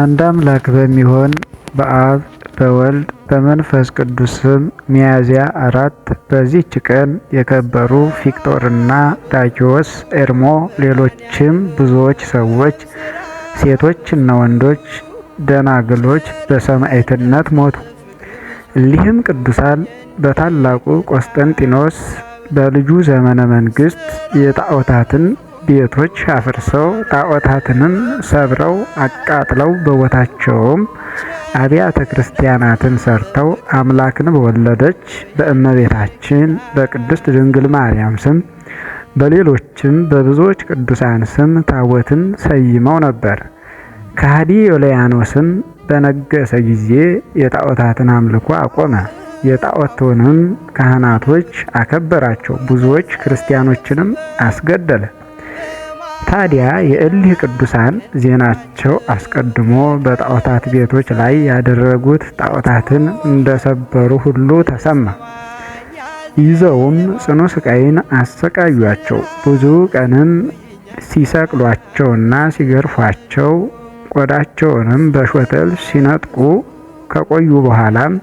አንድ አምላክ በሚሆን በአብ በወልድ በመንፈስ ቅዱስ ስም ሚያዝያ አራት በዚህች ቀን የከበሩ ፊቅጦርና ዳኪዎስ ኤርሞ ሌሎችም ብዙዎች ሰዎች ሴቶችና ወንዶች ደናግሎች በሰማዕትነት ሞቱ። እሊህም ቅዱሳን በታላቁ ቆስጠንጢኖስ በልጁ ዘመነ መንግስት የጣዖታትን ቤቶች አፍርሰው ጣዖታትንም ሰብረው አቃጥለው በቦታቸውም አብያተ ክርስቲያናትን ሰርተው አምላክን በወለደች በእመቤታችን በቅድስት ድንግል ማርያም ስም በሌሎችም በብዙዎች ቅዱሳን ስም ታቦትን ሰይመው ነበር። ከሃዲ ዮልያኖስም በነገሰ ጊዜ የጣዖታትን አምልኮ አቆመ። የጣዖቱንም ካህናቶች አከበራቸው። ብዙዎች ክርስቲያኖችንም አስገደለ። ታዲያ የእሊህ ቅዱሳን ዜናቸው አስቀድሞ በጣዖታት ቤቶች ላይ ያደረጉት ጣዖታትን እንደሰበሩ ሁሉ ተሰማ። ይዘውም ጽኑ ስቃይን አሰቃዩአቸው። ብዙ ቀንም ሲሰቅሏቸውና ሲገርፏቸው ቆዳቸውንም በሾተል ሲነጥቁ ከቆዩ በኋላም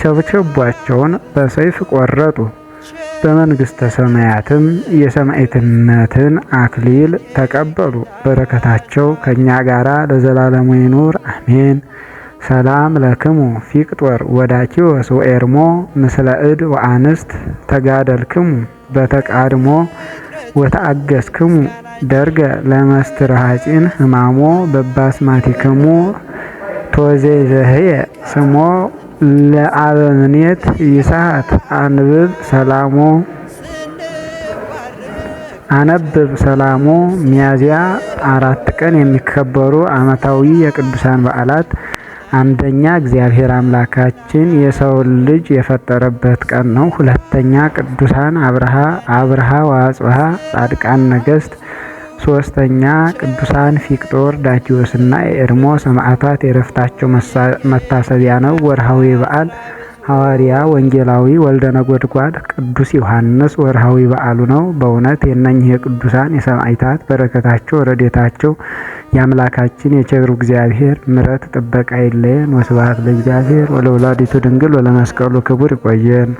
ቸብቸቧቸውን በሰይፍ ቆረጡ። በመንግሥተ ሰማያትም የሰማዕትነትን አክሊል ተቀበሉ። በረከታቸው ከእኛ ጋራ ለዘላለሙ ይኑር አሜን። ሰላም ለክሙ ፊቅጦር ወዳኪወስ ወኤርሞ ምስለ እድ ወአንስት ተጋደልክሙ በተቃድሞ ወተአገስክሙ ደርገ ለመስትራሃጺን ህማሞ በባስማቲክሙ ቶዜ ዘህየ ስሞ ለአበምኔት ይስሐት አንብብ ሰላሞ አነብብ ሰላሞ ሚያዝያ አራት ቀን የሚከበሩ ዓመታዊ የቅዱሳን በዓላት አንደኛ እግዚአብሔር አምላካችን የሰውን ልጅ የፈጠረበት ቀን ነው። ሁለተኛ ቅዱሳን አብርሃ አብርሃ ወአጽብሃ ጻድቃን ነገስት ሶስተኛ ቅዱሳን ፊቅጦር ዳኪዎስና ኤርሞ ሰማዕታት የረፍታቸው መታሰቢያ ነው። ወርሃዊ በዓል ሐዋርያ ወንጌላዊ ወልደ ነጎድጓድ ቅዱስ ዮሐንስ ወርሃዊ በዓሉ ነው። በእውነት የእነኝህ የቅዱሳን የሰማዕታት በረከታቸው ረዴታቸው የአምላካችን የቸሩ እግዚአብሔር ምረት ጥበቃ አይለየን። ወስብሐት ለእግዚአብሔር ወለወላዲቱ ድንግል ወለመስቀሉ ክቡር። ይቆየን።